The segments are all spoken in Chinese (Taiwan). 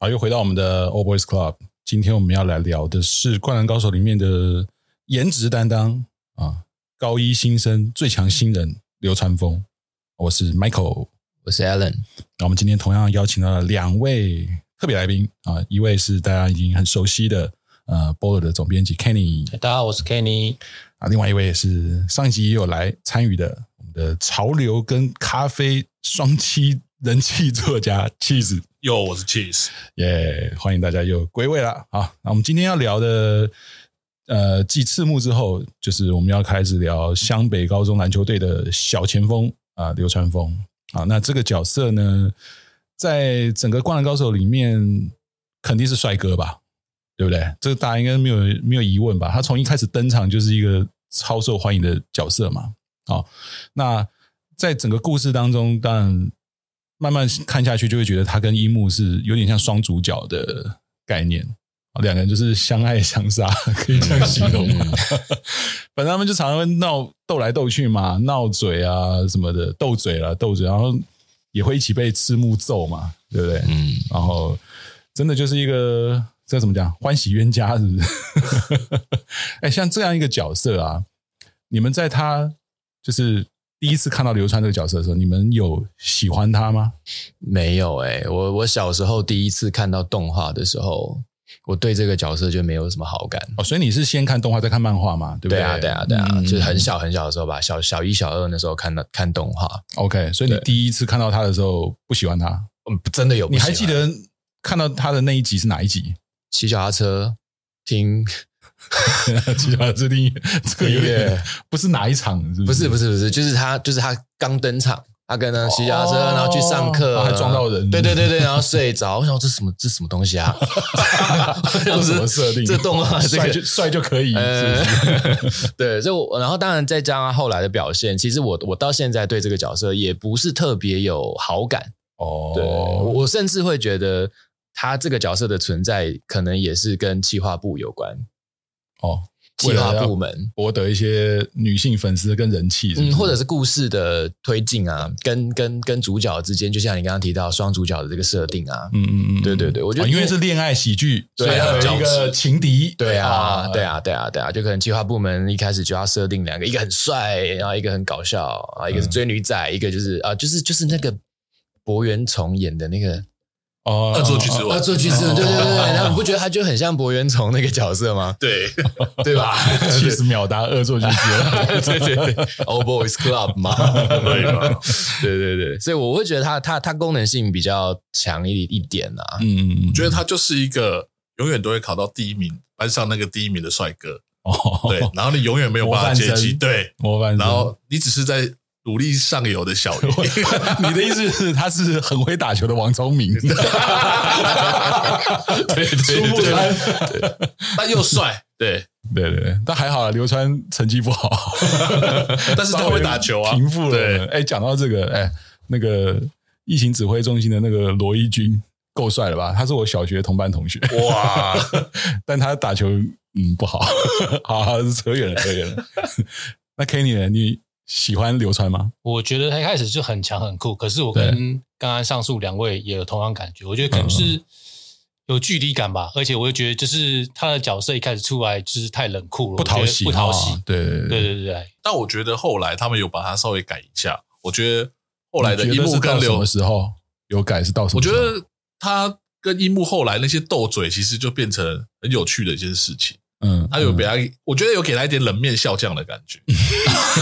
好，又回到我們的 Old Boys Club。今天我們要來聊的是《灌籃高手》裡面的顏值擔當啊，高一新生最強新人流川楓。我是 Michael，我是 Alan。那、啊、我們今天同樣邀請到了兩位特別來賓啊，一位是大家已經很熟悉的呃 Baller 的總編輯 Kenny。大家好，我是 Kenny。啊，另外一位是上一集也有來參與的我們的潮流跟咖啡雙棲。人氣作家 Cheese，喲，Yo, 我是 Cheese，耶，yeah, 歡迎大家又歸位了啊！好，那我們今天要聊的，呃，繼赤木之後，就是我們要開始聊湘北高中籃球隊的小前鋒啊，流川楓啊。那這個角色呢，在整個《灌籃高手》裡面肯定是帥哥吧，對不對？這個大家應該沒有沒有疑問吧？他從一開始登場就是一個超受歡迎的角色嘛，啊，那在整個故事當中，當然。慢慢看下去，就會覺得他跟櫻木是有點像雙主角的概念，兩個人就是相愛相殺，可以這樣形容。反 正 他們就常常會鬧鬥來鬥去嘛，鬧嘴啊什麼的，鬥嘴啊鬥嘴，然後也會一起被赤木揍嘛，對不對？嗯，然後真的就是一個這怎麼講，歡喜冤家是不是？哎、 欸，像這樣一個角色啊，你們在他就是。第一次看到流川這個角色的時候，你們有喜歡他嗎？沒有哎、欸，我我小時候第一次看到動畫的時候，我對這個角色就沒有什麼好感。哦，所以你是先看動畫再看漫畫嗎？對不對？對啊，對啊，對啊，嗯、就是很小很小的時候吧，小小一、小二那時候看到看動畫。OK，所以你第一次看到他的時候不喜歡他，嗯，真的有不喜歡？你還記得看到他的那一集是哪一集？騎腳踏車，聽。其他設定這個有點，不是哪一場，不是不是不是，就是他就是他剛登場，他跟他騎腳踏車、oh. 然後去上課、啊 oh. 啊、還撞到人，對對對對，然後睡着。我想這是什麼這是什麼東西啊？ 這是什麼設定？ 這、這個、動畫帥就帥就可以，是是 對。就然後當然再加上後來的表現，其實我我到現在對這個角色也不是特別有好感哦、oh.。我甚至會覺得他這個角色的存在可能也是跟企劃部有關。哦，計劃部門博得一些女性粉絲跟人氣，是是，嗯，或者是故事的推進啊，跟跟跟主角之間，就像你剛剛提到雙主角的這個設定啊，嗯嗯嗯，對對對，嗯、我覺得、哦、因為是戀愛喜劇，對，所以一個情敵對、啊啊，對啊，對啊，對啊，對啊，就可能計劃部門一開始就要設定兩個，一個很帥，然後一個很搞笑啊，一個是追女仔，嗯、一個就是啊，就是就是那個柏原崇演的那個。二座巨二座巨二座巨哦，惡作劇之吻，惡作劇之吻，對對對，然後你不覺得他就很像柏原崇那個角色嗎？對 對吧？確實秒答惡作劇之吻 對， 對對對，Old Boys Club 嘛，對對對，所以我會覺得他他他功能性比較強一一點啊，嗯，覺得他就是一個永遠都會考到第一名，班上那個第一名的帥哥，哦，對，然後你永遠沒有辦法接機，對，然後你只是在。努力上游的小游， 你的意思是他是很會打球的王昭明？對，他又帥，對，對對對，對， 對對對笑 但還好，流川成績不好， 但是他會打球啊，平復了。哎，講到這個，哎，那個疫情指揮中心的那個羅一鈞夠帥了吧？他是我小學同班同學，哇！ 但他打球嗯不好，好，好，扯遠了，扯遠了。 那 Kenny 呢，你？喜歡流川嗎？我覺得他一開始就很強很酷，可是我跟剛剛上述兩位也有同樣感覺。我覺得可能是有距離感吧，而且我又覺得就是他的角色一開始出來就是太冷酷了，不討喜，不討喜。哦、對，對，對對對對。但我覺得後來他們有把他稍微改一下，我覺得後來的櫻木跟流川的時候有改是到什麼？我覺得他跟櫻木後來那些鬥嘴，其實就變成很有趣的一件事情。嗯，嗯他有給他，我覺得有給他一點冷面笑匠的感覺。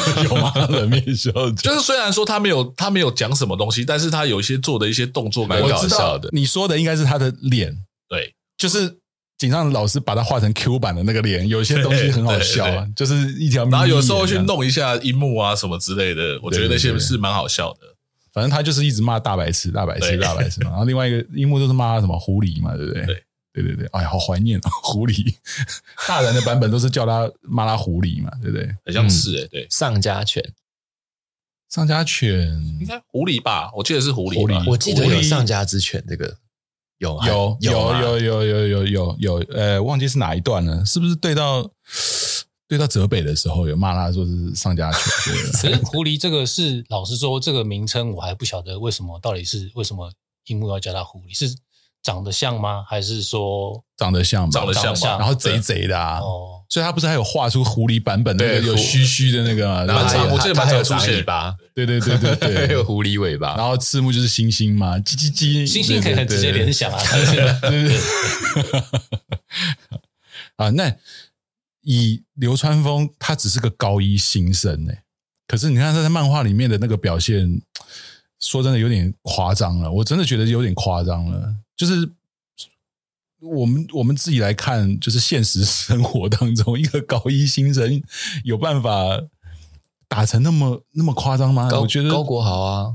有嗎？冷面笑，就是雖然說他沒有，他沒有講什麼東西，但是他有一些做的一些動作蠻搞笑的。你說的應該是他的臉，對，就是井上老師把他畫成 Q 版的那個臉，有些東西很好笑，啊對對對，就是一條。然後有時候去弄一下櫻木啊什麼之類的，我覺得那些是蠻好笑的，對對對。反正他就是一直罵大白痴，大白痴，大白痴。白 然後另外一個櫻木就是罵他什麼狐狸嘛，對不對？對。對對對，哎呀，好懷念狐狸。大人的版本都是叫他罵他 狐狸嘛，對不對？好像是哎、欸嗯，對。喪家犬，喪家犬，應該狐狸吧？我記得是狐狸。狐狸，我記得有喪家之犬這個，有啊。有有有有有有有有，呃、欸，忘記是哪一段了，是不是對到對到澤北的時候有罵他說是喪家犬？其 實狐狸這個是老實說，這個名稱我還不曉得為什麼到底是為什麼櫻木要叫他狐狸是。長得像嗎？還是說長得像，長得像嗎，然後賊賊的啊！哦，所以他不是還有畫出狐狸版本的，有鬚鬚的那個嗎？蠻長，然後，我記得蠻長，就是尾巴，對對對對對，對，還 有狐狸尾巴。然後赤木就是猩猩嘛，吱吱吱，猩猩可以很直接聯想啊！對對對對對對 對 啊，那以流川楓他只是個高一新生哎、欸，可是你看他在漫畫裡面的那個表現，說真的有點誇張了，我真的覺得有點誇張了。就是我們我們自己來看，就是現實生活當中一個高一新生有辦法打成那麼那麼誇張嗎？我覺得高國豪啊，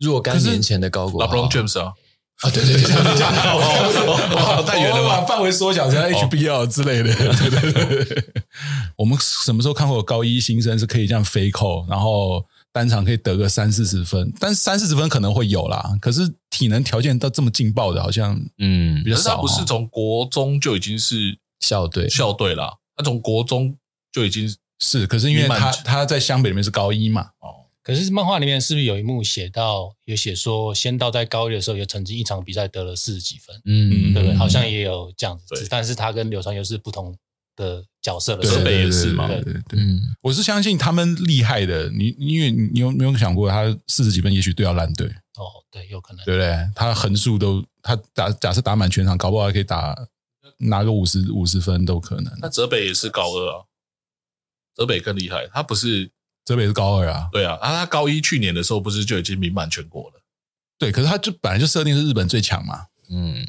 若干年前的高國豪，LeBron James 啊，啊對對對、對、對、對對對，太 遠 了，把範圍縮小成 HBL 之類的。對、對對對，我們什麼時候看過高一新生是可以這樣 fake call，然後？單場可以得個三四十分，但三四十分可能會有啦。可是體能條件都這麼勁爆的，好像嗯，比較少，哦。嗯、是他不是從國中就已經是校隊，校隊啦。那從國中就已經是，是可是因為他他，他在湘北裡面是高一嘛。哦，可是漫畫裡面是不是有一幕寫到，有寫說仙道在高一的時候也曾經一場比賽得了四十幾分？嗯，對不對？好像也有這樣子，但是他跟流川又是不同。的角色，澤北也是嘛？對對對，對，我是相信他們厲害的。你因為你有沒有想過，他四十幾分也，也許都要爛隊哦？對，有可能，對不對？他橫豎都，他打假設打滿全場，搞不好還可以打拿個五十五十分都可能。那澤北也是高二啊，澤北更厲害，他不是澤北是高二啊？對啊，他高一去年的時候不是就已經名滿全國了？對，可是他就本來就設定是日本最強嘛？嗯，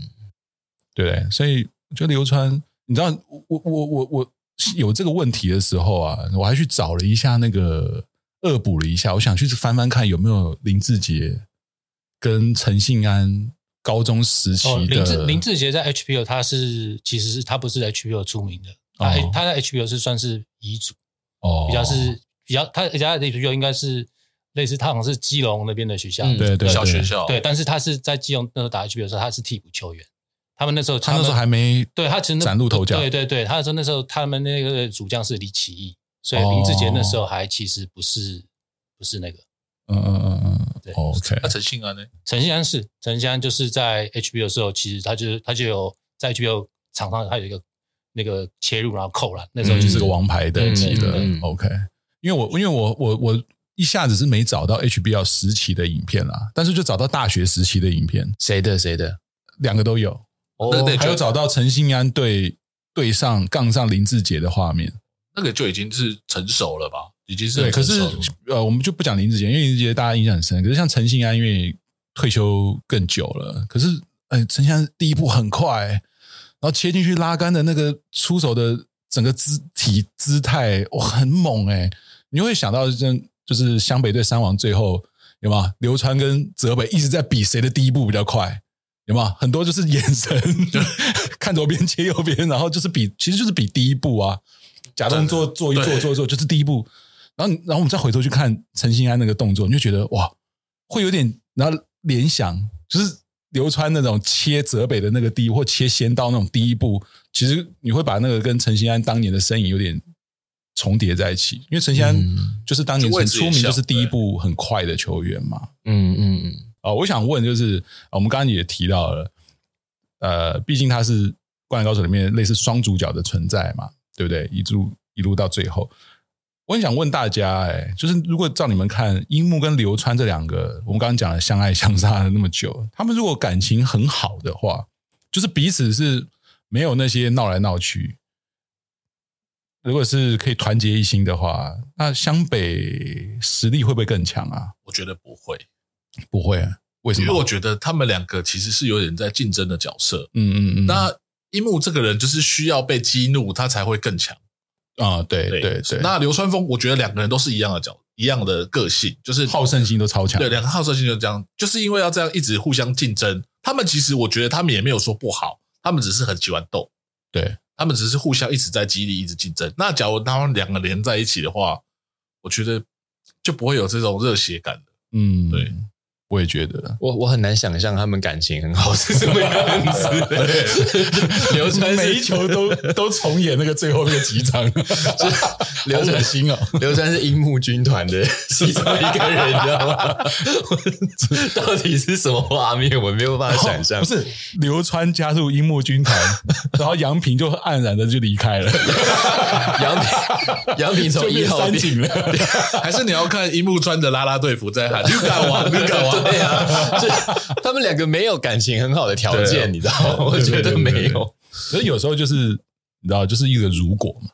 對，所以我覺得流川。你知道我我我我我有這個問題的時候啊，我還去找了一下那個惡補了一下，我想去翻翻看有沒有林志杰跟陳信安高中時期的、oh, 林志林志杰在 HBL 他是其實是他不是 HBL 出名的，他、oh. 他在 HBL 是算是遺珠哦、oh.，比較是比較他其他的 HBL 應該是類似他好像是基隆那邊的學校，嗯、對對，對小學校對，對，對，但是他是在基隆那時候打 HBL 的時候，他是替補球員。他們那時候，他那時候還沒，他對，他只能嶄露頭角。對對對，他說那時候他們那個主將是李奇義，所以林志傑那時候還其實不是、哦、不是那個。嗯嗯嗯嗯，對。O K，陳信安呢？陳信安是陳信安，就是在 H B O 的時候，其實他就是他就有在 H B O 場上，他有一個那個切入然後扣了，那時候就、嗯、是個王牌等級的 O K。因為我因為我我我一下子是沒找到 H B O 時期的影片啦，但是就找到大學時期的影片，誰的誰的兩個都有。哦、oh,，還有找到陳信安對對上槓上林志傑的畫面，那個就已經是成熟了吧？已經是成熟了，對，可是呃，我們就不講林志杰，因為林志傑大家印象很深。可是像陳信安，因為退休更久了。可是，哎、欸，陳信安第一步很快、欸，然後切進去拉桿的那個出手的整個肢體姿態，我、喔、很猛哎、欸！你會想到、就是，就是湘北對山王最後有嗎？流川跟澤北一直在比誰的第一步比較快。有嗎？很多就是眼神就是 看左邊切右邊，然後就是比，其實就是比第一步啊，假裝做，做做一做做做，就是第一步。然後然後我們再回頭去看陳信安那個動作，你就覺得哇，會有點然後聯想，就是流川那種切澤北的那個第一或切仙道那種第一步，其實你會把那個跟陳信安當年的身影有點重疊在一起，因為陳信安、嗯、就是當年很出名，就是第一步很快的球員嘛。嗯嗯嗯。嗯哦，我想問就是，我們剛剛也提到了，呃，畢竟他是《灌籃高手》裡面類似雙主角的存在嘛，對不對？一路一路到最後，我很想問大家，哎，就是如果照你們看，櫻木跟流川這兩個，我們剛剛講的相愛相殺了那麼久，他們如果感情很好的話，就是彼此是沒有那些鬧來鬧去，如果是可以團結一心的話，那湘北實力會不會更強啊？我覺得不會。不會啊？為什麼？因為我覺得他們兩個其實是有點在競爭的角色。嗯嗯嗯。那櫻木這個人就是需要被激怒，他才會更強。啊，對對對，對，對。那流川楓，我覺得兩個人都是一樣的角，一樣的個性，就是好勝心都超強。對，兩個好勝心就這樣，就是因為要這樣一直互相競爭。他們其實我覺得他們也沒有說不好，他們只是很喜歡鬥。對，他們只是互相一直在激勵，一直競爭。那假如他們兩個連在一起的話，我覺得就不會有這種熱血感的。嗯，對。我也覺得，我我很難想象他們感情很好 是什麼樣子。流川每一球都都重演那個最後那個擊掌。流 川心啊、哦，流川是櫻木軍團的其中 一個人，你 知道嗎？到底是什麼畫面，我沒有辦法想象、哦。不是，流川加入櫻木軍團， 然後洋平就黯然的就離開了。洋 平，洋平從一號位，還是你要看櫻木穿着啦啦隊服在喊“你幹嘛？你幹嘛？ 對呀、啊，就他們兩個沒有感情很好的條件、啊，你知道嗎？我覺得沒有對對對對對。所以有時候就是你知道，就是一個如果嘛，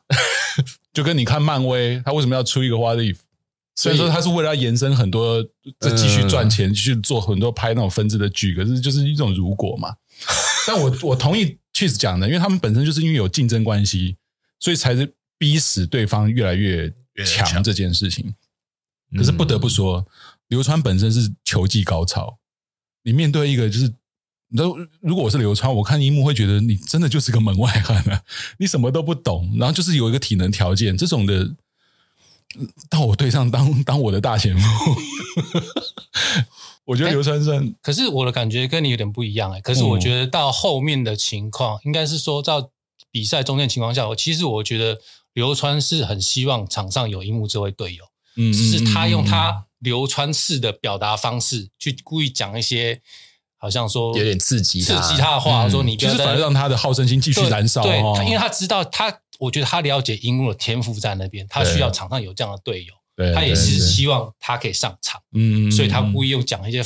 就跟你看漫威，他為什麼要出一個花麗？所以說他是為了要延伸很多，再繼續賺錢、嗯、去做很多拍那種分支的劇，可是就是一種如果嘛。 但我我同意 Chez 講的，因為他們本身就是因為有競爭關係，所以才是逼使對方越來越強這件事情、嗯。可是不得不說。流川本身是球技高超，你面對一個就是，你知道，如果我是流川，我看櫻木會覺得你真的就是個門外漢啊，你什麼都不懂，然後就是有一個體能條件這種的，到我隊上當當我的大前鋒， 我覺得流川勝。欸，可是我的感覺跟你有點不一樣哎。欸，可是我覺得到後面的情況，嗯，應該是說到比賽中間情況下，我其實我覺得流川是很希望場上有櫻木這位隊友，嗯，只是他用他。流川式的表達方式，去故意講一些好像說有點刺激刺激他的話，嗯、說你就是反而讓他的好勝心繼續燃燒。對，因為他知道、哦、他，我覺得他了解櫻木的天賦在那邊，他需要場上有這樣的隊友，對對對對，他也是希望他可以上場，嗯，所以他故意又講一些。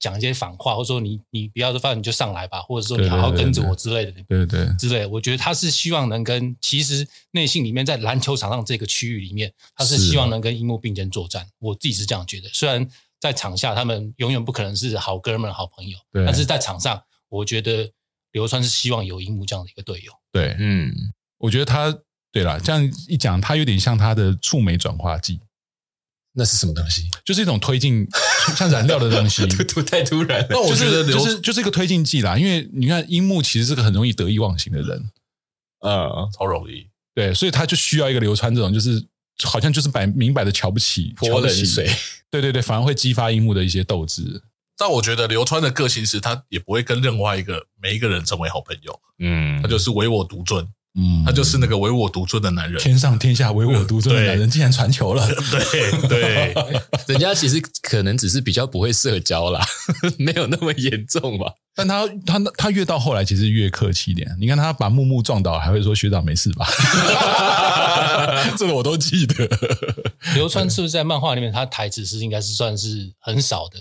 講一些反話，或者說你你不要的話你就上來吧，或者說你好好跟着我之類的，對對，對，之類的。我覺得他是希望能跟，其實內心裡面在籃球場上這個區域裡面，他是希望能跟櫻木並肩作戰。哦，我自己是這樣覺得，雖然在場下他們永遠不可能是好哥們、好朋友，但是在場上，我覺得流川是希望有櫻木這樣的一個隊友。對，嗯，我覺得他對了，這樣一講，他有點像他的觸媒轉化劑。那是什麼東西？就是一種推進，像燃料的東西，太 突，突然。那我覺得就是、 就是就是、就是一個推進劑啦。因為你看櫻木其實是個很容易得意忘形的人，啊、嗯，超容易。對，所以他就需要一個流川這種，就是好像就是擺明擺的瞧不起、瞧不起。起 對對對，反而會激發櫻木的一些鬥志。但我覺得流川的個性是他也不會跟另外一個每一個人成為好朋友。嗯，他就是唯我獨尊。嗯，他就是那個唯我獨尊的男人，天上天下唯我獨尊的男人，竟然傳球了，對對，對 人家其實可能只是比較不會社交啦，沒有那麼嚴重吧。但他他他越到後來，其實越客氣一點。你看他把木木撞倒，還會說學長沒事吧？ 這個我都記得。流川是不是在漫畫裡面，他台詞是應該是算是很少的？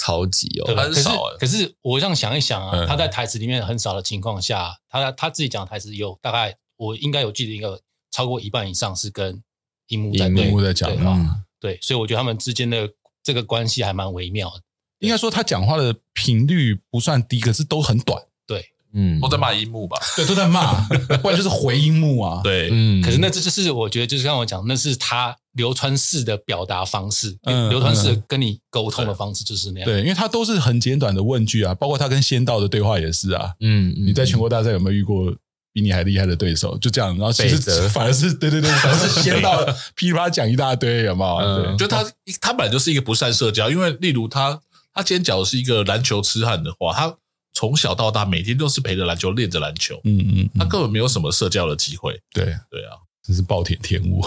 超級哦，很少，可是可是我這樣想一想啊，嗯、他在台詞裡面很少的情況下，他他自己講台詞有大概我應該有記得一個超過一半以上是跟櫻木在對櫻木在講嘛，嗯，對，所以我覺得他們之間的這個關係還蠻微妙的。應該說他講話的頻率不算低，可是都很短。對。嗯，都在罵櫻木吧、嗯？對，都在罵，不然就是回櫻木啊。 對，嗯。可是那這就是我覺得，就是像我講，那是他流川式的表達方式，流川式跟你溝通的方式就是那樣。對、嗯嗯嗯嗯嗯，因為他都是很簡短的問句啊，包括他跟仙道的對話也是啊。嗯，嗯，嗯，你在全國大賽有沒有遇過比你還厲害的對手？就這樣，然後其實反而是對對對，反而是仙道噼里啪啦講一大堆，有沒有、啊對？對，就他他本來就是一個不善社交，因為例如他他今天講的是一個籃球痴漢的話，他。從小到大，每天都是陪着籃球練着籃球，嗯嗯，嗯，他根本沒有什麼社交的機會。對對啊，真是暴殄天、天物。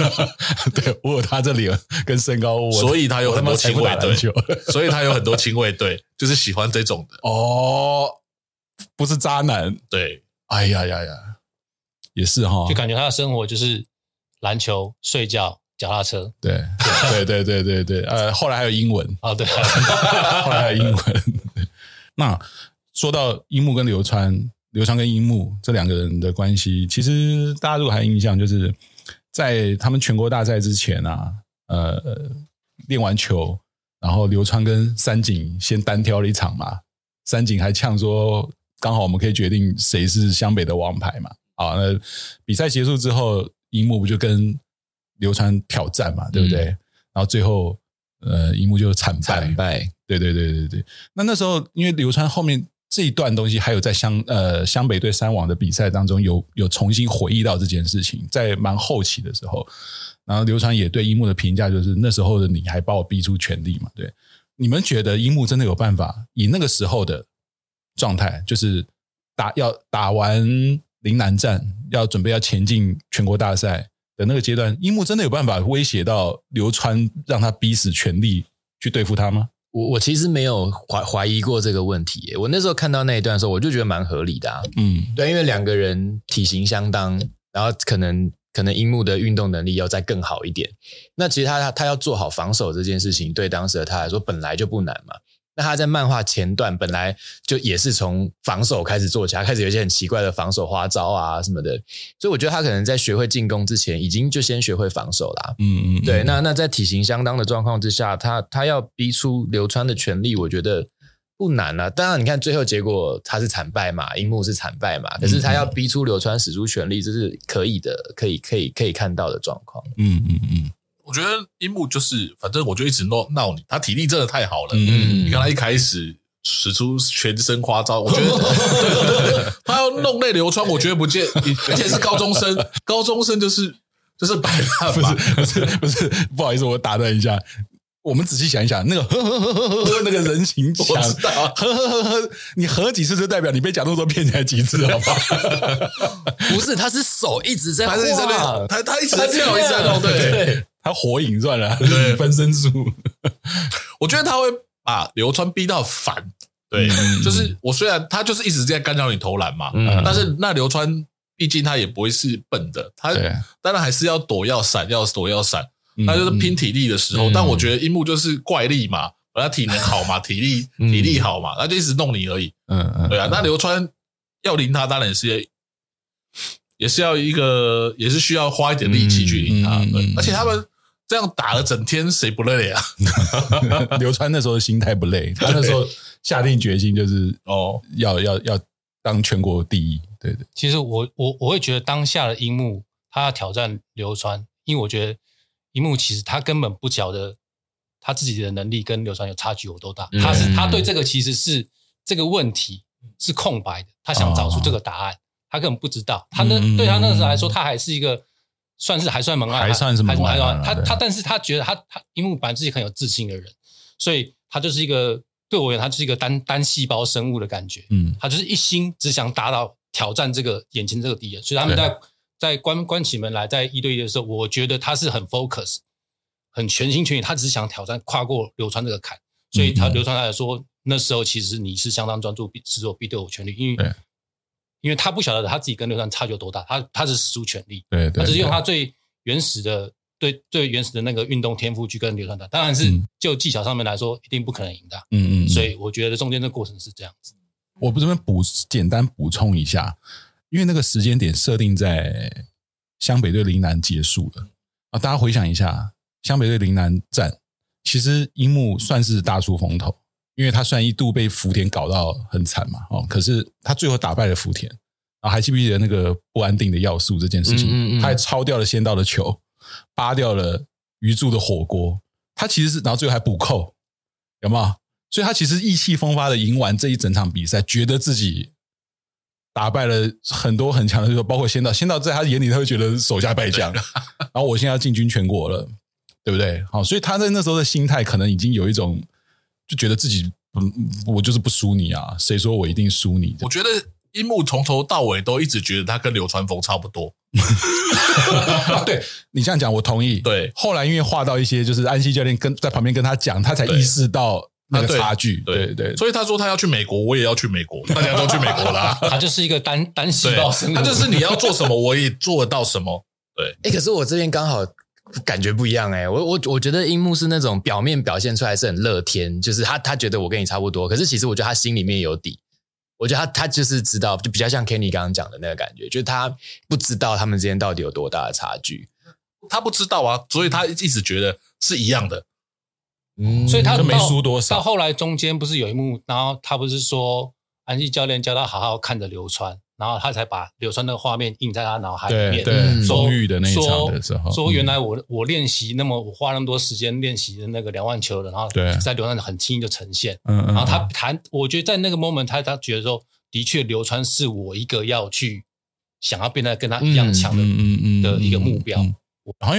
對，我有他這臉跟身高，所以他有很多親衛隊，所以他有很多親衛隊，就是喜歡這種的。哦，不是渣男。對，哎呀呀呀，也是哈，就感覺他的生活就是籃球、睡覺、腳踏車。對對對對對對，對，對，呃，後來還有英文啊、哦，對， 後來還有英文。那說到櫻木跟流川，流川跟櫻木這兩個人的關係，其實大家如果還有印象，就是在他們全國大賽之前啊，呃，練完球，然後流川跟三井先單挑了一場嘛，三井還嗆說，剛好我們可以決定誰是湘北的王牌嘛，啊，那比賽結束之後，櫻木不就跟流川挑戰嘛，對不對？嗯、然後最後。呃，櫻木就慘慘敗,敗，對,對對對對對。那那時候，因為流川後面這一段東西，還有在湘呃湘北對山王的比賽當中有，有有重新回憶到這件事情，在蠻後期的時候，然後流川也對櫻木的評價就是，那時候的你還把我逼出全力嘛？對，你們覺得櫻木真的有辦法以那個時候的狀態，就是打要打完陵南戰，要準備要前進全國大賽？的那個階段，櫻木真的有辦法威脅到流川，讓他逼死全力去對付他嗎？我我其實沒有懷懷疑過這個問題欸。我那時候看到那一段的時候，我就覺得蠻合理的啊。嗯，對，因為兩個人體型相當，然後可能可能櫻木的運動能力要再更好一點。那其實他他他要做好防守這件事情，對當時的他來說本來就不難嘛。那他在漫畫前段本來就也是從防守開始做起來，開始有一些很奇怪的防守花招啊什麼的，所以我覺得他可能在學會進攻之前，已經就先學會防守啦。嗯嗯，嗯，對。那那在體型相當的狀況之下，他他要逼出流川的全力，我覺得不難啊。當然，你看最後結果他是慘敗嘛，櫻木是慘敗嘛，可是他要逼出流川使出全力，這、嗯嗯就是可以的，可以可以可以看到的狀況。嗯嗯嗯。我覺得櫻木就是，反正我就一直鬧鬧你。他體力真的太好了，嗯嗯，你看他一開始使出全身花招，我覺得他要弄淚流川，我覺得不介，而且是高中生，高中生就是就是擺爛。不是不是不是，不好意思，我打斷一下，我們仔細想一想，那個呵呵呵呵呵呵，那個人形牆、啊，呵呵呵呵，你合幾次就代表你被假動作騙才幾次，好不好？不是，他是手一直在晃，他他一直跳、啊、一直在動一直對。對火影算了，對 分身術，我覺得他會把流川逼到煩，對、嗯，就是我雖然他就是一直在干擾你投籃嘛、嗯，但是那流川畢竟他也不會是笨的，他當然還是要躲要閃要躲要閃、嗯，那就是拼體力的時候。嗯、但我覺得櫻木就是怪力嘛，他體能好嘛，體力、嗯、體力好嘛，他就一直弄你而已。嗯、對啊，嗯、那流川要贏他，當然也是也也是要一個，也是需要花一點力氣去贏他、嗯對嗯，而且他們。這樣打了整天，啊、誰不累呀？啊？流 川那時候心態不累， 他那時候下定決心就是哦，要要要當全國第一。對對，其實我我我會覺得當下的櫻木他要挑戰流川，因為我覺得櫻木其實他根本不曉得他自己的能力跟流川有差距有多大。嗯、他是他對這個其實是這個問題是空白的，他想找出這個答案，哦、他根本不知道。他那、嗯、對他那時候來說，他還是一個。算是還算蠻愛，還算什麼還，還，還算。他他，他但是他覺得他他，因為我本來自己很有自信的人，所以他就是一個對我言，他就是一個單單細胞生物的感覺。嗯，他就是一心只想打倒挑戰這個眼前這個敵人，所以他們在、啊、在關關起門來，在一對一的時候，我覺得他是很 focus，很全心全意，他只是想挑戰跨過流川這個坎，所以他嗯嗯流川他來說，那時候其實你是相當專注，是做必對我全力，因為。因為他不曉得他自己跟流川差距有多大，他他是使出全力，他是用他最原始的，最最原始的那個運動天賦去跟流川打，當然是就技巧上面來說，嗯、一定不可能贏的。嗯嗯，所以我覺得中間這個過程是這樣子。我這邊補簡單補充一下，因為那個時間點設定在湘北對陵南結束了啊，大家回想一下，湘北對陵南戰，其實櫻木算是大出風頭。因為他雖然一度被福田搞到很慘嘛，哦，可是他最後打敗了福田，啊，還記不記得那個不安定的要素這件事情？嗯嗯嗯，他還抄掉了仙道的球，扒掉了魚住的火鍋，他其實是然後最後還補扣，有沒有？所以他其實意氣風發的贏完這一整場比賽，覺得自己打敗了很多很強的對手，包括仙道，仙道在他眼裡他會覺得手下敗將， 然後我現在要進軍全國了，對不對？好、哦，所以他在那時候的心態可能已經有一種。就覺得自己嗯，我就是不輸你啊，誰說我一定輸你？我覺得櫻木從頭到尾都一直覺得他跟流川楓差不多 對。對你這樣講，我同意。對，後來因為畫到一些，就是安西教練跟在旁邊跟他講，他才意識到那個差距。對對，對，對對，所以他說他要去美國，我也要去美國，大家都去美國啦，啊， 他就是一個單單行道，他就是你要做什麼，我也做得到什麼。對，哎，欸，可是我這邊剛好。感覺不一樣哎、欸，我我我覺得櫻木是那種表面表現出來是很樂天，就是他他覺得我跟你差不多，可是其實我覺得他心裡面有底，我覺得他他就是知道，就比較像 Kenny 剛剛講的那個感覺，就是他不知道他們之間到底有多大的差距，他不知道啊，所以他一直覺得是一樣的，嗯、所以他就沒輸多少。到後來中間不是有一幕，然後他不是說安西教練叫他好好看着流川。然後他才把流川那個畫面印在他腦海裡面。對，對，周、嗯、瑜的那一場的時候說，說原來我、嗯、我練習那麼我花那麼多時間練習的那個兩萬球的，然後在流川很輕易就呈現，嗯嗯。然後他談、啊，我覺得在那個 moment，他他覺得說，的確流川是我一個要去想要變得跟他一樣強的，嗯嗯的一個目標。好、嗯、像、嗯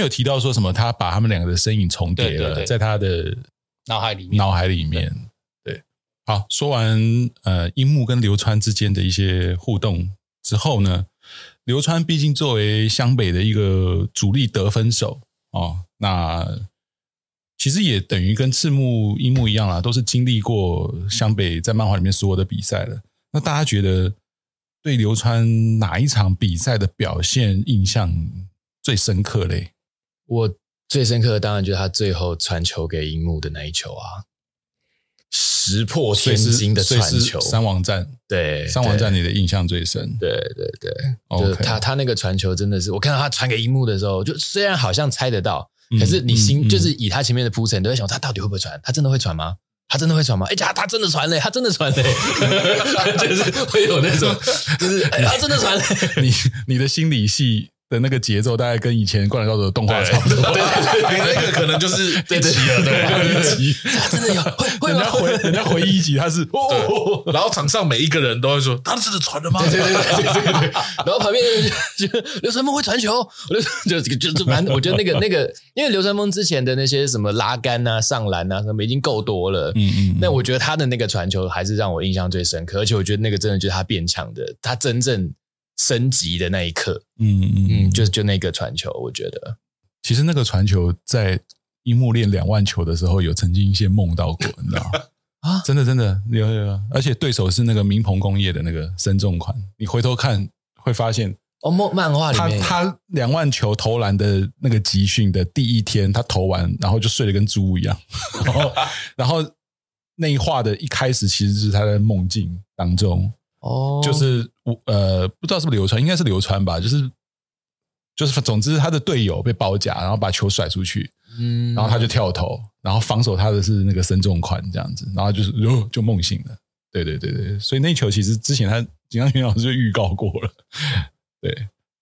嗯嗯、有提到說什麼，他把他們兩個的身影重疊了在他的腦海裡面，腦海裡面。好，說完呃，櫻木跟流川之間的一些互動之後呢，流川畢竟作為湘北的一個主力得分手啊，哦，那其實也等於跟赤木櫻木一樣啦，都是經歷過湘北在漫畫裡面所有的比賽的。那大家覺得對流川哪一場比賽的表現印象最深刻嘞？我最深刻的當然就是他最後傳球給櫻木的那一球啊。石破天驚的傳球，山王戰對山王戰，王戰你的印象最深，對對對，對，就是他、okay. 他那個傳球真的是，我看到他傳給櫻木的時候，就雖然好像猜得到，可是你心就是以他前面的鋪陳都在想他到底會不會傳，他真的會傳嗎？他真的會傳嗎？哎、欸、呀，他真的傳嘞，他真的傳嘞，傳 就是會有那種，就是、欸、他真的傳嘞，你你的心理戲。的那個節奏大概跟以前灌籃高手的動畫差不多對，對對對 那個可能就是一集了對對對，對對他真的有，會，人家回，人家回憶一集，他是、哦哦，然後場上每一個人都會說，他真的傳了嗎？對對對對，對對對對。然後旁邊流 川楓會傳球，就就就就，反正我覺得那個那個，因為流川楓之前的那些什麼拉桿啊、上籃啊什麼已經夠多了，嗯嗯，那我覺得他的那個傳球還是讓我印象最深刻，而且我覺得那個真的就是他變強的，他真正。升級的那一刻，嗯嗯，嗯，就就那個傳球，我覺得，其實那個傳球在櫻木練兩萬球的時候，有曾經先夢到過，你知道嗎？ 啊，真的真的有有，有，而且對手是那個名朋工業的那個森重寬、嗯。你回頭看會發現，哦，漫漫畫裡面，他他兩萬球投籃的那個集訓的第一天，他投完然後就睡得跟豬一樣，然後， 然後然後那一話的一開始其實是他在夢境當中。哦、oh.，就是我呃，不知道是不是流川，應該是流川吧。就是，就是，總之他的隊友被包夾，然後把球甩出去，嗯、mm -hmm.，然後他就跳投，然後防守他的是那個身重款這樣子，然後就是、mm -hmm. 呃、就夢醒了。對對對對，所以那球其實之前他井上泉老師就預告過了。對，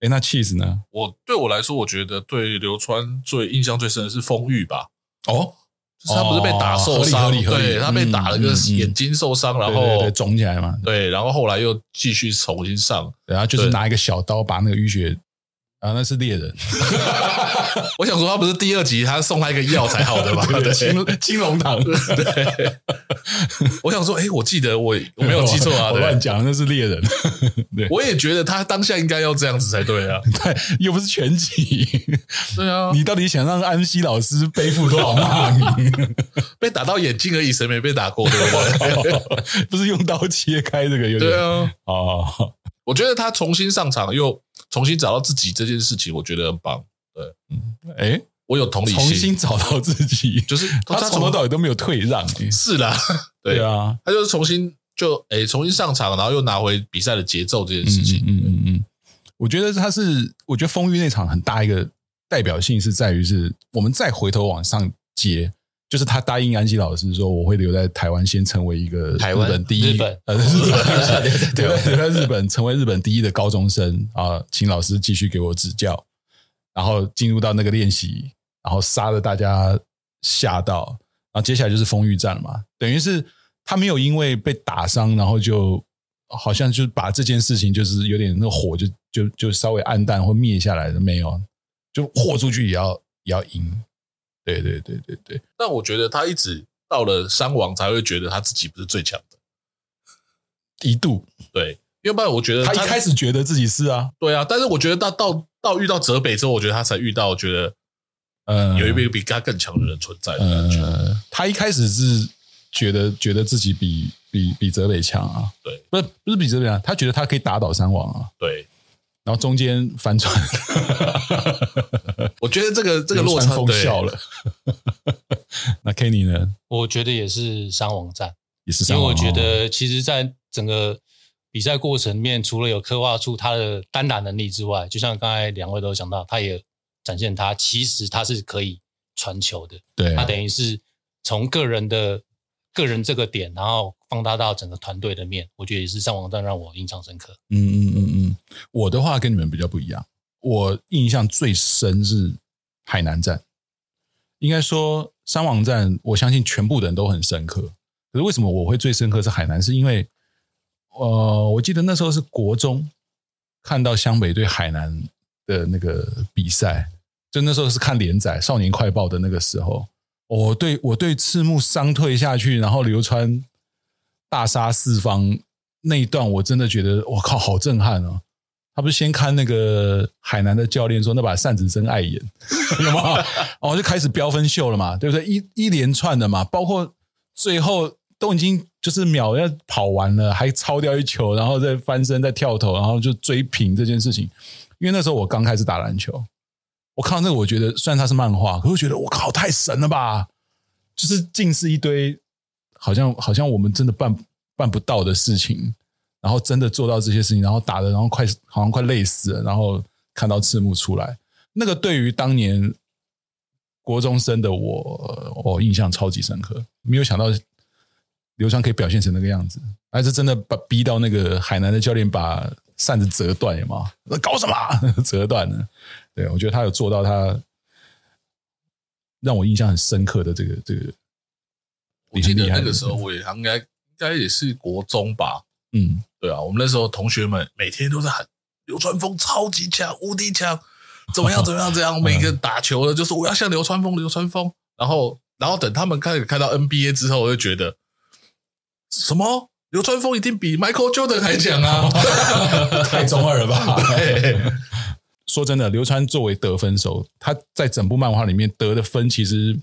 哎，那 Chez 呢？我對我來說，我覺得對流川最印象最深的是豐玉吧。哦。就是、他不是被打受傷、哦，對，他被打了個眼睛受傷、嗯，然後腫起來嘛？對，然後後來又繼續重新上，然後就是拿一個小刀把那個淤血。啊，那是獵人。 我想說，他不是第二集，他送他一個藥才好的吧？金龍堂。我想說，哎、欸，我記得我我沒有記錯啊，我亂講，那是獵人。我也覺得他當下應該要這樣子才對啊。對，又不是全集。對啊，你到底想讓安西老師背負多少罵名？ 被打到眼睛而已，誰沒被打過？對不對？不是用刀切開這個，有點。對啊。好好我覺得他重新上場又。重新找到自己這件事情，我覺得很棒。對，嗯，哎，我有同理心。重新找到自己，就是他從頭到尾都沒有退讓、欸。是啦對，對啊，他就是重新就哎重新上場，然後又拿回比賽的節奏這件事情。嗯嗯嗯，嗯，我覺得他是，我覺得豐玉那場很大一個代表性是在於是，我們再回頭往上接。就是他答應安吉老師說，我會留在台灣，先成為一個台灣第一，日本對對在 日本成為日本第一的高中生啊，請老師繼續給我指教。然後進入到那個練習，然後殺了大家，嚇到。然後接下來就是豐玉戰了嘛，等於是他沒有因為被打傷，然後就好像就把這件事情就是有點那個火就,就就就稍微暗淡或滅下來了，沒有，就豁出去也要也要贏。對，對對對對對，但我覺得他一直到了山王才會覺得他自己不是最強的，一度對，要不然我覺得他，他一開始覺得自己是啊，對啊，但是我覺得他到到到遇到澤北之後，我覺得他才遇到覺得，嗯，有一名比他更強的人存在嗯，嗯，他一開始是覺得覺得自己比比比澤北強啊，對，不是不是比澤北啊，他覺得他可以打倒山王啊，對。然後中間翻船，， 我覺得這個這個流川楓笑了。 那 Kenny 呢？我覺得也是上網站，也是上網，因為我覺得，其實，在整個比賽過程裡面，除了有刻畫出他的單打能力之外，就像剛才兩位都講到，他也展現他其實他是可以傳球的。對他、啊、等於是從個人的個人這個點，然後放大到整個團隊的面，我覺得也是上網站讓我印象深刻。嗯嗯嗯。我的話跟你們比較不一樣。我印象最深是海南戰，應該說山王戰，我相信全部的人都很深刻。可是為什麼我會最深刻是海南？是因為，呃，我記得那時候是國中，看到湘北對海南的那個比賽，就那時候是看連載《少年快報》的那個時候，我對我對赤木傷退下去，然後流川大殺四方那一段，我真的覺得我靠，好震撼哦、啊。他不是先看那個海南的教練說那把扇子真礙眼，有嗎？我 就開始飆分秀了嘛，對不對？一一連串的嘛，包括最後都已經就是秒要跑完了，還抄掉一球，然後再翻身再跳投，然後就追平這件事情。因為那時候我剛開始打籃球，我看到這個，我覺得雖然它是漫畫，可是我覺得我靠，太神了吧！就是竟是一堆好像好像我們真的辦辦不到的事情。然後真的做到這些事情，然後打的，然後快好像快累死了，然後看到字幕出來，那個對於當年國中生的我，我、哦、印象超級深刻，沒有想到流川可以表現成那個樣子，還是真的把逼到那個海南的教練把扇子折斷，有嗎？那搞什麼折斷呢？對，我覺得他有做到他讓我印象很深刻的這個這個。我記得那個時候，我也應該、這個、應該也是國中吧。嗯，對啊，我們那時候同學們每天都在喊“流川楓超級強，無敵強，怎麼樣，怎麼樣，這樣”。每一個打球的，就是我要像流川楓，流川楓。然後，然後等他們開始看到 NBA 之後，我就覺得什麼，流川楓一定比 Michael Jordan 還強啊！ 太中二了吧？ 說真的，流川作為得分手，他在整部漫畫裡面得的分，其實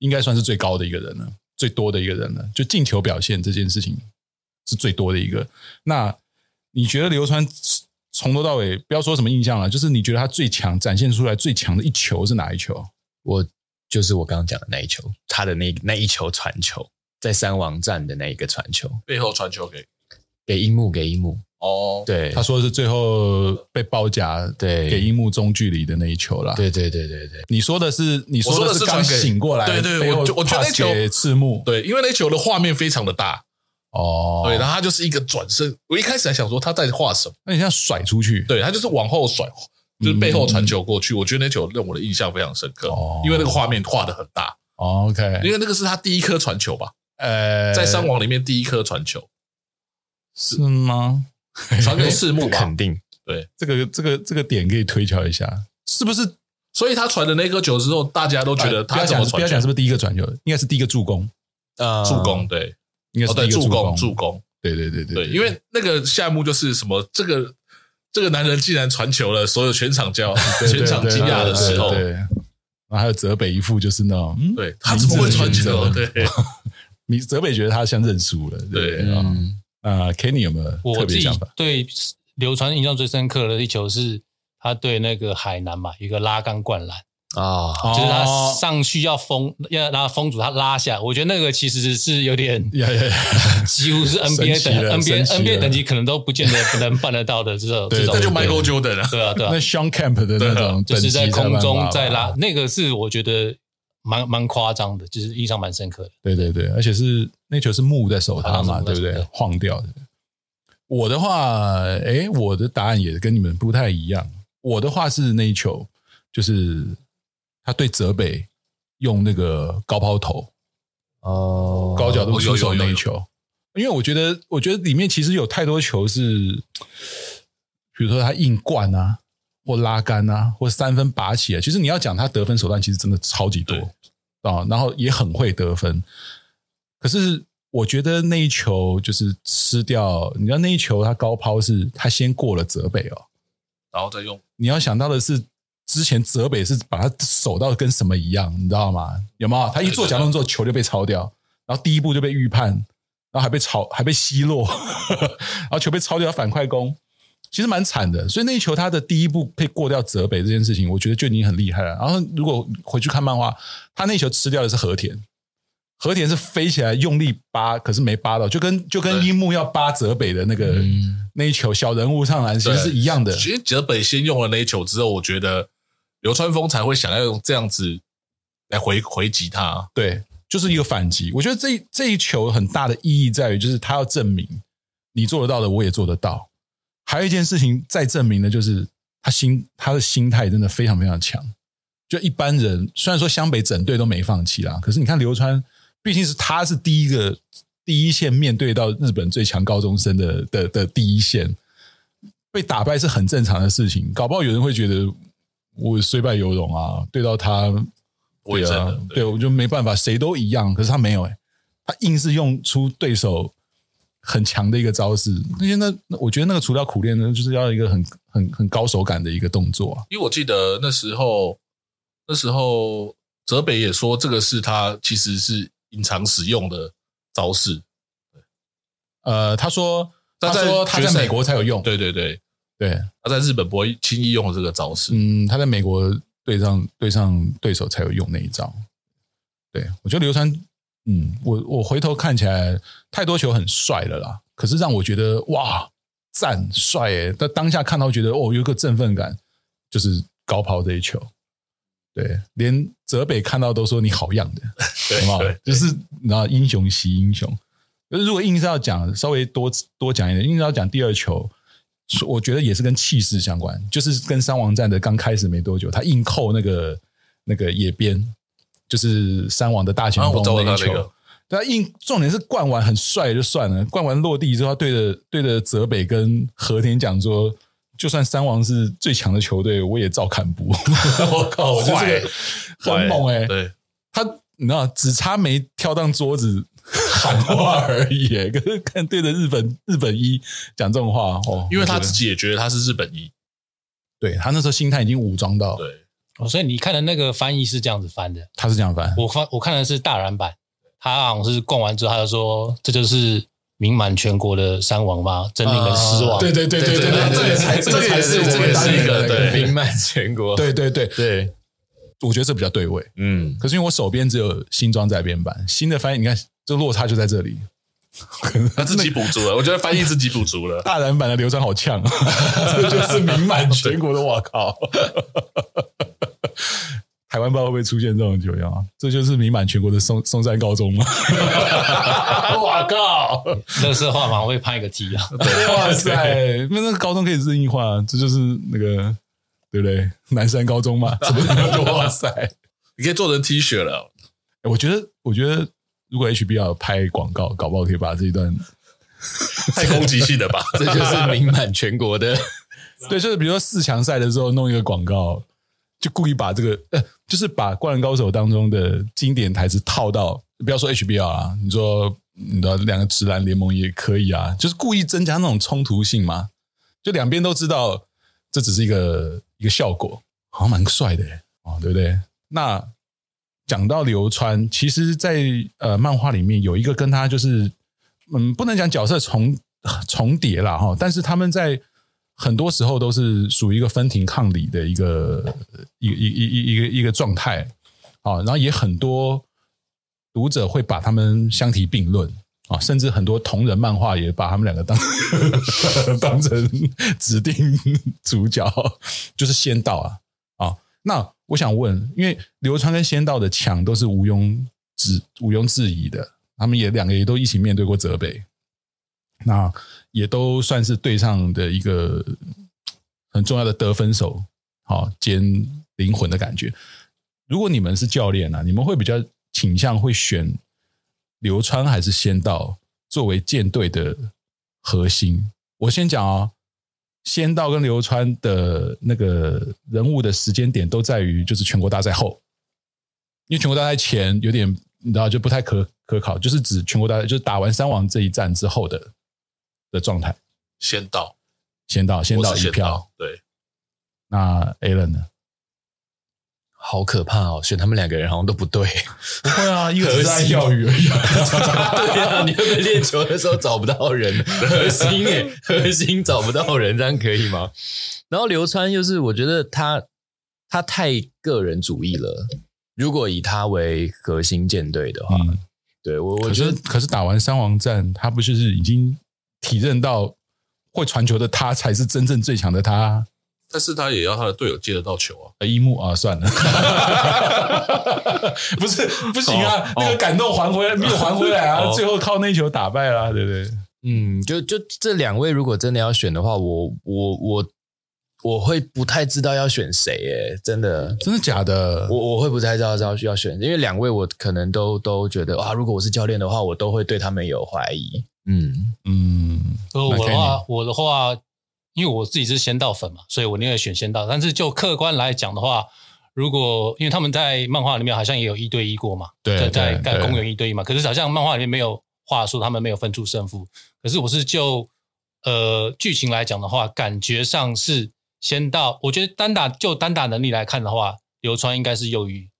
應該算是最高的一個人了，最多的一個人了。就進球表現這件事情。是最多的一個。那你覺得流川從頭到尾不要說什麼印象了，就是你覺得他最強展現出來最強的一球是哪一球？我就是我剛剛講的那一球，他的那那一球傳球，在山王戰的那一個傳球，背後傳球給給櫻木，給櫻木。哦、oh.，對，他說的是最後被包夾，對，給櫻木中距離的那一球了。對，對對對對對，你說的是你說的是剛醒過來的，的對，對對，我我覺得那球赤木對，因為那球的畫面非常的大。哦、oh.，對，然後他就是一個轉身。我一開始還想說他在畫什麼，那你像甩出去，對他就是往後甩，就是背後傳球過去。我覺得那球讓我的印象非常深刻，oh. 因為那個畫面畫得很大。OK，因為那個是他第一顆傳球吧？呃、欸，在山王裡面第一顆傳球是嗎？傳球赤木 肯定。對，這個這個這個點可以推敲一下，是不是？所以他傳的那顆球之後，大家都覺得他怎麼傳球不，要不要想是不是第一個傳球？應該是第一個助攻。呃，助攻對。在助攻、哦，助攻，對對對對，對，對，對，因為那個項目就是什麼，這個這個男人竟然傳球了，所有全場叫對對對全場驚訝的時候，對，對，對，然、啊、後、啊啊、還有澤北一副就是那種，對、嗯、他不會傳球，對，你、啊、 澤北覺得他像認輸了，對，對嗯，嗯啊，Kenny 有沒有我自己對，流川印象最深刻的一球是他對那個海南嘛一個拉桿灌籃。啊、oh,，就是他上去要封，oh. 要拿封住他拉下。我覺得那個其實是有點，yeah, yeah, yeah. 幾乎是 NBA 等 NBA NBA 等級可能都不見得不能辦得到的這種。 那就 Michael Jordan 啊對啊，對啊，那 Shawn Kemp 的那種、啊啊，就是在空中再拉、啊，那個是我覺得蠻蠻誇張的，就是印象蠻深刻的。對對對，而且是那球是木在守他嘛、啊，對不對？晃掉的。我的話，哎，我的答案也跟你們不太一樣。我的話是那一球就是。他對澤北用那個高拋投，哦，高角度出手那一球有有有有有有，因為我覺得，我覺得裡面其實有太多球是，比如說他硬灌啊，或拉桿啊，或三分拔起啊。其實你要講他得分手段，其實真的超級多啊。然後也很會得分，可是我覺得那一球就是吃掉。你知道那一球他高拋是，他先過了澤北哦，然後再用。你要想到的是。之前澤北是把他守到跟什麼一樣，你知道嗎？有沒有？他一做假動作，球就被抄掉，然後第一步就被預判，然後還被抄，還被奚落呵呵，然後球被抄掉，反快攻，其實蠻慘的。所以那一球他的第一步可以過掉澤北這件事情，我覺得就已經很厲害了。然後如果回去看漫畫，他那球吃掉的是河田，河田是飛起來用力扒，可是沒扒到，就跟就跟櫻木要扒澤北的那個、嗯、那一球小人物上籃其實是一樣的。其實澤北先用了那一球之後，我覺得。流川楓才會想要用這樣子來回回擊他、啊，對，就是一個反擊、嗯。我覺得這這一球很大的意義在於，就是他要證明你做得到的，我也做得到。還有一件事情在證明的，就是他心他的心態真的非常非常強。就一般人，雖然說湘北整隊都沒放棄啦，可是你看流川，畢竟是他是第一個第一線面對到日本最強高中生的的的第一線，被打敗是很正常的事情。搞不好有人會覺得。我雖敗猶榮啊！對到他，對啊，我也對，對我就沒辦法，誰都一樣，可是他沒有哎、欸，他硬是用出對手很強的一個招式。那些那我覺得那個除掉苦練呢，就是要一個很很很高手感的一個動作。因為我記得那時候，那時候澤北也說這個是他其實是隱藏使用的招式，對，呃，他說他，在他說他在，他在美國才有用，對對對。對，他在日本不會輕易用的這個招式。嗯，他在美國對上對上對手才有用那一招。對，我覺得流川，嗯，我我回頭看起來太多球很帥了啦。可是讓我覺得哇，贊帥！誒。在當下看到覺得哦，有一個振奮感，就是高拋這一球。對，連澤北看到都說你好樣的，對嗎？就是然後英雄惜英雄。就是如果硬是要講，稍微多多講一點，硬是要講第二球。我覺得也是跟氣勢相關，就是跟山王戰的剛開始沒多久，他硬扣那個那個野邊，就是山王的大前鋒那個球，他、啊、硬重點是灌完很帥就算了，灌完落地之後對着對着澤北跟河田講說，就算山王是最強的球隊，我也照砍不誤。 我靠壞、欸，我覺得這個很猛哎、欸，他、欸、你知道，只差沒跳到桌子。喊話而已， 可是看對着日本日本一講這種話哦、喔，因為他自己也覺得他是日本一，對，對他那時候心態已經武裝到對、哦，所以你看的那個翻譯是這樣子翻的，他是這樣翻，我翻我看的是大然版，他好像是逛完之後他就說這就是名滿全國的山王吧？真令人失望、啊，對對對對對對、對、對，對對對對對 啊、這才這是我也、這個、是一個名滿全國，對對對對。對對對對對我覺得這比較對位，嗯，可是因為我手邊只有新裝在編版，新的翻譯，你看這落差就在這裡，他自己補足了。我覺得翻譯自己補足了。 大然版的流川好嗆啊， 這就是名滿全國的。我靠，台灣不知道會不會出現這種九幺啊？這就是名滿全國的松、松山高中嗎？我 靠，這是話嗎？我會拍一個 T 啊？ 對，哇塞，那那個高中可以任意畫，這就是那個。對不對？南山高中嘛，什麼哇塞！你可以做成 T 恤了，哦。我覺得，我覺得如果 HBL 拍廣告，搞不好可以把這一段太攻擊性的吧？ 這就是名滿全國的。 對，就是比如說四強賽的時候弄一個廣告，就故意把這個，呃，就是把《灌籃高手》當中的經典台詞套到，不要說 HBL 啊，你說你的兩個直男聯盟也可以啊，就是故意增加那種衝突性嘛，就兩邊都知道這只是一個。一個效果好像蠻帥的哦，對不對？那講到流川，其實，在呃漫畫裡面有一個跟他就是嗯，不能講角色重重疊了哈，但是他們在很多時候都是屬於一個分庭抗禮的一個一一一一一個一個狀態啊，然後也很多讀者會把他們相提並論。啊、哦，甚至很多同人漫畫也把他們兩個當當成指定主角，就是仙道啊。啊、哦，那我想問，因為流川跟仙道的強都是毋庸置毋庸置疑的，他們也兩個也都一起面對過澤北，那也都算是對上的一個很重要的得分手，好、哦、兼靈魂的感覺。如果你們是教練啊，你們會比較傾向會選？流川還是仙道作為艦隊的核心，我先講哦，仙道跟流川的那個人物的時間點都在於就是全國大賽後，因為全國大賽前有點，你知道就不太可可考，就是指全國大賽就是打完三王這一戰之後的的狀態。仙道，仙道，仙道，仙道一票。對，那 Allen 呢？好可怕哦！選他們兩個人好像都不對。對啊，一個而再，啊，再而三。對啊，你在練球的時候找不到人， 核心，欸，核心找不到人，這樣可以嗎？然後流川又是，我覺得他他太個人主義了。如果以他為核心艦隊的話，嗯、對我我覺得，可是打完三王戰，他不就是已經體認到會傳球的他才是真正最強的他。但是他也要他的隊友接得到球啊，啊！櫻木啊，算了 不是不行啊、哦，那個感動還回來、哦、沒有還回來啊？哦、最後靠那球打敗了、啊，對不對？嗯，就就這兩位，如果真的要選的話，我我我我會不太知道要選誰誒、欸，真的、嗯、真的假的？我我會不太知道要需要選，因為兩位我可能都都覺得啊，如果我是教練的話，我都會對他們有懷疑。嗯嗯，嗯我，我的話，我的話。因為我自己是仙道粉嘛，所以我寧願選仙道。但是就客觀來講的話，如果因為他們在漫畫裡面好像也有一對一過嘛，對，在在公園一對一嘛對對，可是好像漫畫裡面沒有話術，他們沒有分出勝負。可是我是就呃劇情來講的話，感覺上是仙道。我覺得單打就單打能力來看的話，流川應該是優於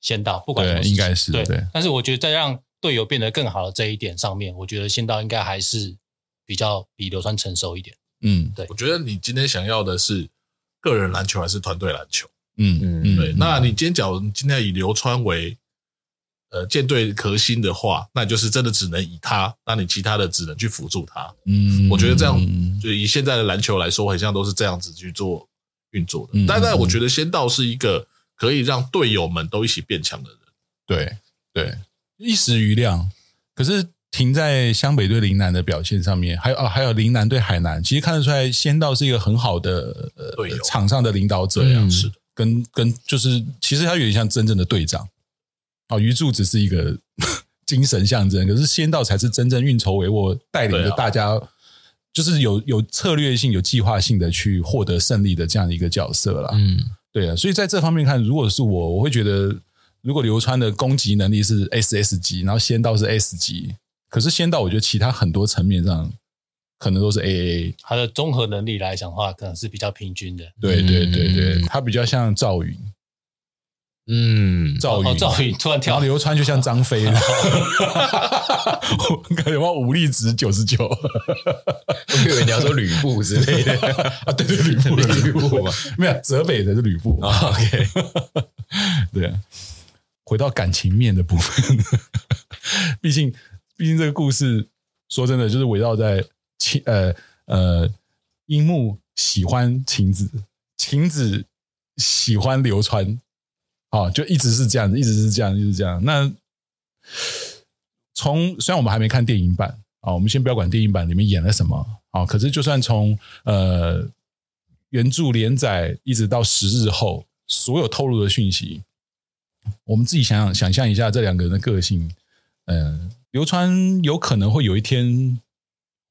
仙道，不管什麼對應該是對，對，對。但是我覺得在讓隊友變得更好的這一點上面，我覺得仙道應該還是比較比流川成熟一點。嗯，對，我覺得你今天想要的是個人籃球還是團隊籃球？嗯嗯嗯，對嗯，那你今天假如，今天以流川為呃建隊核心的話，那就是真的只能以他，那你其他的只能去輔助他。嗯，我覺得這樣，就以現在的籃球來說，很像都是這樣子去做運作的。嗯、但但我覺得仙道是一個可以讓隊友們都一起變強的人。嗯、對對，一時瑜亮，可是。停在湘北對陵南的表現上面，還有啊還有陵南對海南，其實看得出來，仙道是一個很好的、哦、呃場上的領導者，嗯、是跟跟就是其實他有點像真正的隊長。啊、哦，魚住只是一個呵呵精神象徵，可是仙道才是真正運籌帷幄、帶領着大家、啊，就是有有策略性、有計劃性的去獲得勝利的這樣的一個角色了。嗯，對啊，所以在這方面看，如果是我，我會覺得如果流川的攻擊能力是 S S 級，然後仙道是 S 級。可是，仙道我覺得其他很多層面上，可能都是 A A A。他的綜合能力來講的話，可能是比較平均的、嗯。對對對對，他比較像趙雲、嗯哦。嗯、哦，趙雲，趙雲突然跳，然後流川就像張飛。我感覺我武力值九十九。我以為你要說呂布之類的 啊，對對呂布呂布，呂布，布，布沒有澤北的是呂布、哦。哦、OK， 對、啊。回到感情面的部分， 畢竟。畢竟這個故事，說真的就是圍繞在晴呃呃櫻木喜歡晴子，晴子喜歡流川，啊，就一直是這樣子，一直是這樣，一直是這樣。那從雖然我們還沒看電影版啊，我們先不要管電影版裡面演了什麼啊，可是就算從呃原著連載一直到十日後，所有透露的訊息，我們自己想想象一下這兩個人的個性，嗯、呃。流川有可能會有一天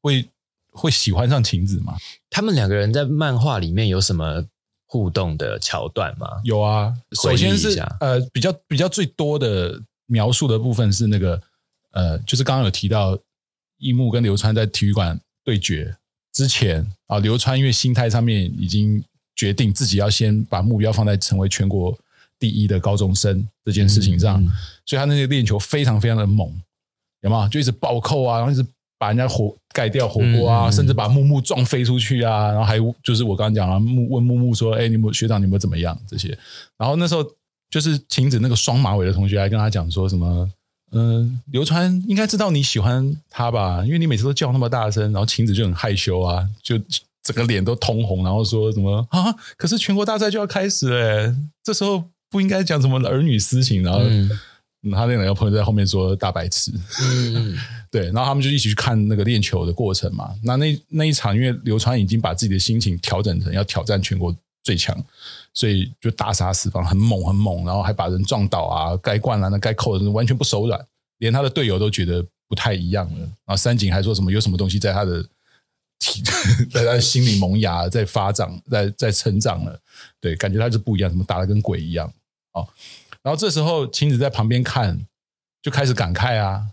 會會喜歡上晴子嗎？他們兩個人在漫畫裡面有什麼互動的橋段嗎？有啊，首先是呃，比較比較最多的描述的部分是那個呃，就是剛剛有提到櫻木跟流川在體育館對決之前啊，流川因為心態上面已經決定自己要先把目標放在成為全國第一的高中生這件事情上，嗯嗯、所以他那個練球非常非常的猛。有沒有？就一直暴扣啊，然後一直把人家火蓋掉火鍋啊、嗯，甚至把木木撞飛出去啊，然後還就是我剛剛講了，木問木木說：“哎，你們學長你們怎麼樣？”這些，然後那時候就是晴子那個雙馬尾的同學還跟他講說什麼：“嗯、呃，流川應該知道你喜歡他吧？因為你每次都叫那麼大聲。”然後晴子就很害羞啊，就整個臉都通紅，然後說什麼：“啊，可是全國大賽就要開始哎、欸，這時候不應該講什麼兒女私情。”然後。嗯他那兩個朋友在後面說大白痴、嗯，嗯、 對，然後他們就一起去看那個練球的過程嘛。那那那一場，因為劉川已經把自己的心情調整成要挑戰全國最強，所以就大殺四方，很猛很猛，然後還把人撞倒啊，該灌籃了那該扣的，完全不手軟，連他的隊友都覺得不太一樣了。嗯、然後三井還說什麼有什麼東西在他的體，在他的心裡萌芽，在發長，在在成長了。對，感覺他是不一樣，什麼打的跟鬼一樣、哦然後這時候，晴子在旁邊看，就開始感慨啊，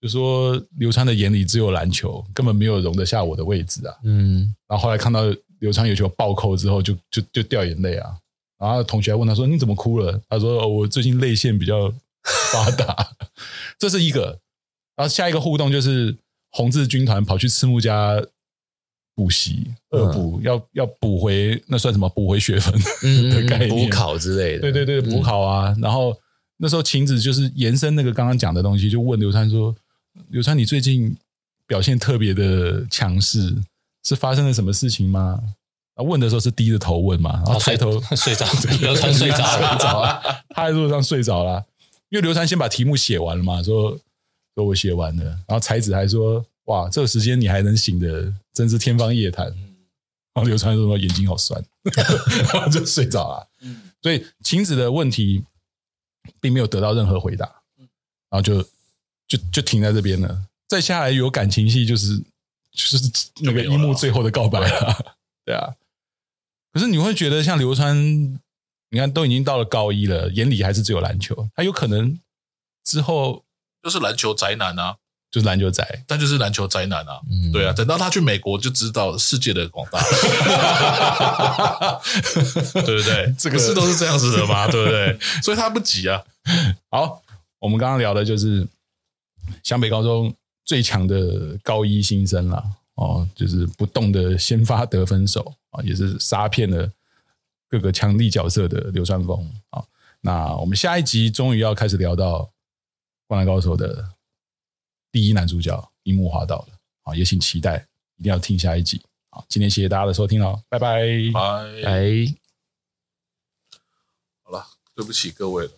就說流川的眼裡只有籃球，根本沒有容得下我的位置啊。嗯，然後後來看到流川有球暴扣之後就，就就就掉眼淚啊。然後同學還問他說：“你怎麼哭了？”他說：“哦、我最近淚腺比較發達。 ”這是一個。然後下一個互動就是紅字軍團跑去赤木家。補習、二補、嗯、要要補回，那算什麼？補回學分的概念、嗯嗯、補考之類的。對對對，補考啊！嗯、然後那時候晴子就是延伸那個剛剛講的東西，就問流川說：“流川，你最近表現特別的強勢，是發生了什麼事情嗎？”啊，問的時候是低着頭問嘛，然後抬頭、啊、睡、睡着， 流川睡着了， 他睡着了，他在路上睡着了。因為流川先把題目寫完了嘛，說說我寫完了，然後才子還說。哇，這個時間你還能醒的，真是天方夜譚。嗯、然後流川說，說：“眼睛好酸，嗯、就睡着了。嗯”所以晴子的問題並沒有得到任何回答，嗯、然後就就就停在這邊了。再下來有感情戲，就是就是那個一幕最後的告白了。了啊 對啊，可是你會覺得像流川，你看都已經到了高一了，眼裡還是只有籃球。他有可能之後就是籃球宅男啊。就是籃球宅，但就是籃球宅男啊、嗯！對啊，等到他去美國就知道世界的廣大， 對不對？這個事都是這樣子的嘛， 對不對？所以他不急啊。好，我們剛剛聊的就是湘北高中最強的高一新生了、啊、哦，就是不動的先發得分手啊、哦，也是殺遍了各個強力角色的流川楓啊。那我們下一集終於要開始聊到《灌籃高手》的。第一男主角櫻木花道的啊，也請期待，一定要聽下一集好！今天謝謝大家的收聽哦、拜拜拜拜，Bye. Bye. 好了，對不起各位了。